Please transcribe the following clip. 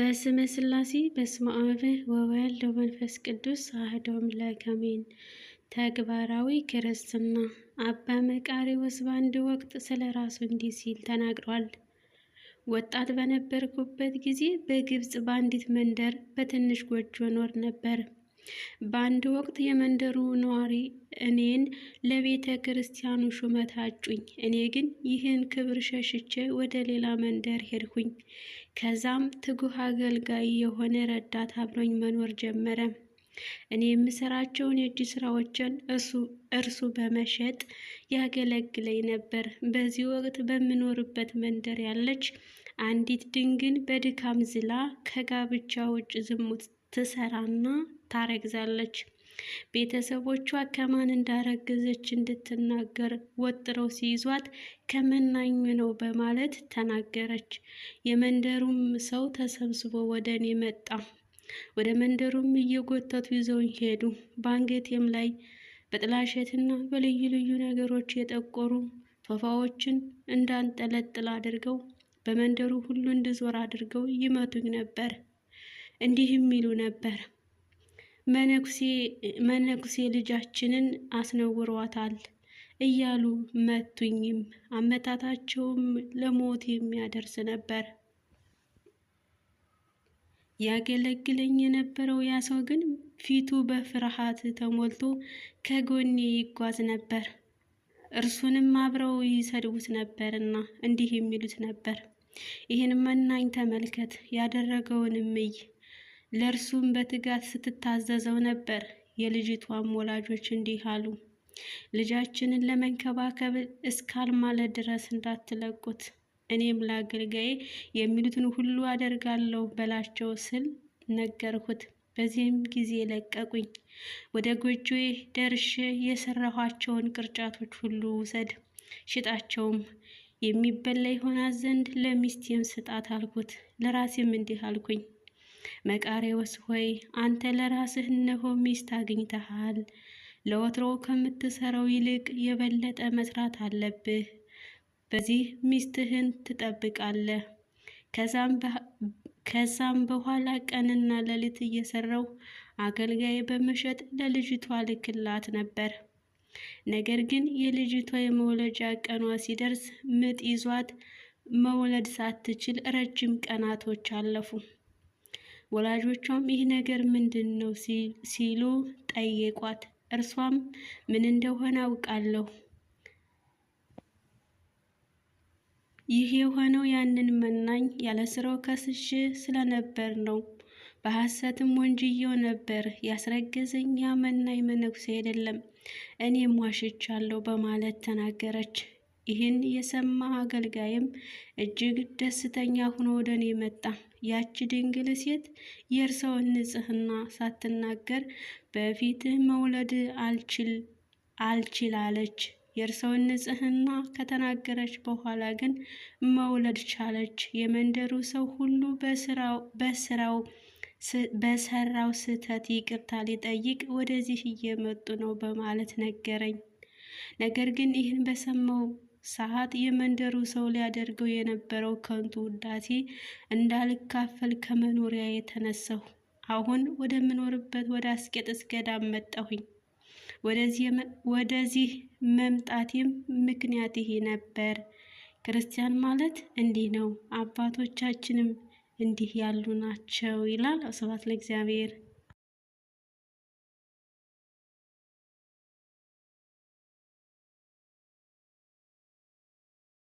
በስመ ስላሴ በስመ አብ ወወልድ ወመንፈስ ቅዱስ አሐዱ አምላክ አሜን። ተግባራዊ ክርስትና አባ መቃርዮስ በአንድ ወቅት ስለ ራሱ እንዲህ ሲል ተናግሯል። ወጣት በነበርኩበት ጊዜ በግብፅ በአንዲት መንደር በትንሽ ጎጆ ኖር ነበር። በአንድ ወቅት የመንደሩ ነዋሪ እኔን ለቤተ ክርስቲያኑ ሹመት አጩኝ። እኔ ግን ይህን ክብር ሸሽቼ ወደ ሌላ መንደር ሄድኩኝ። ከዛም ትጉህ አገልጋይ የሆነ ረዳት አብሮኝ መኖር ጀመረ። እኔ የምሰራቸውን የእጅ ስራዎችን እርሱ በመሸጥ ያገለግለኝ ነበር። በዚህ ወቅት በምኖርበት መንደር ያለች አንዲት ድንግን በድካም ዝላ ከጋብቻ ውጭ ዝሙት ትሰራና ታረግዛለች። ቤተሰቦቿ ከማን እንዳረገዘች እንድትናገር ወጥረው ሲይዟት ከመናኙ ነው በማለት ተናገረች። የመንደሩም ሰው ተሰብስቦ ወደ እኔ መጣ። ወደ መንደሩም እየጎተቱ ይዘውኝ ሄዱ። በአንገቴም ላይ በጥላሸትና በልዩ ልዩ ነገሮች የጠቆሩ ፎፋዎችን እንዳንጠለጥል አድርገው በመንደሩ ሁሉ እንድዞር አድርገው ይመቱኝ ነበር። እንዲህም ይሉ ነበር፣ መነኩሴ ልጃችንን አስነውሯታል እያሉ መቱኝም። አመታታቸውም ለሞት የሚያደርስ ነበር። ያገለግለኝ የነበረው ያ ሰው ግን ፊቱ በፍርሃት ተሞልቶ ከጎኔ ይጓዝ ነበር። እርሱንም አብረው ይሰድቡት ነበርና እንዲህ የሚሉት ነበር፣ ይህን መናኝ ተመልከት፣ ያደረገውንም እይ ለእርሱም በትጋት ስትታዘዘው ነበር። የልጅቷም ወላጆች እንዲህ አሉ፣ ልጃችንን ለመንከባከብ እስካልማለ ድረስ እንዳትለቁት፣ እኔም ለአገልጋዬ የሚሉትን ሁሉ አደርጋለሁ በላቸው ስል ነገርኩት። በዚህም ጊዜ ለቀቁኝ። ወደ ጎጆዬ ደርሼ የሰራኋቸውን ቅርጫቶች ሁሉ ውሰድ፣ ሽጣቸውም የሚበላ ይሆናት ዘንድ ለሚስቴም ስጣት አልኩት። ለራሴም እንዲህ አልኩኝ መቃሬዎስ ሆይ አንተ ለራስህ እነሆ ሚስት አግኝተሃል። ለወትሮ ከምትሰራው ይልቅ የበለጠ መስራት አለብህ። በዚህ ሚስትህን ትጠብቃለህ። ከዛም በኋላ ቀንና ሌሊት እየሰራው አገልጋይ በመሸጥ ለልጅቷ ልክላት ነበር። ነገር ግን የልጅቷ የመውለጃ ቀኗ ሲደርስ ምጥ ይዟት መውለድ ሳትችል ረጅም ቀናቶች አለፉ። ወላጆቿም ይህ ነገር ምንድን ነው ሲሉ ጠየቋት። እርሷም ምን እንደሆነ አውቃለሁ ይህ የሆነው ያንን መናኝ ያለ ስራው ከስሽ ስለነበር ነው። በሐሰትም ወንጅየው ነበር። ያስረገዘኝ ያ መናኝ መነኩሴ አይደለም፣ እኔም ዋሽቻለሁ በማለት ተናገረች። ይህን የሰማ አገልጋይም እጅግ ደስተኛ ሆኖ ወደ እኔ መጣ። ያቺ ድንግል ሴት የእርሰውን ንጽህና ሳትናገር በፊት መውለድ አልችል አልችላለች። የእርሰውን ንጽህና ከተናገረች በኋላ ግን መውለድ ቻለች። የመንደሩ ሰው ሁሉ በስራው በሰራው ስህተት ይቅርታ ሊጠይቅ ወደዚህ እየመጡ ነው በማለት ነገረኝ። ነገር ግን ይህን በሰማው ሰዓት የመንደሩ ሰው ሊያደርገው የነበረው ከንቱ ውዳሴ እንዳልካፈል ከመኖሪያ የተነሳሁ አሁን ወደምኖርበት ወደ አስቄጥስ ገዳም መጣሁኝ። ወደዚህ መምጣቴም ምክንያት ይሄ ነበር። ክርስቲያን ማለት እንዲህ ነው፣ አባቶቻችንም እንዲህ ያሉ ናቸው ይላል። ስብሐት ለእግዚአብሔር።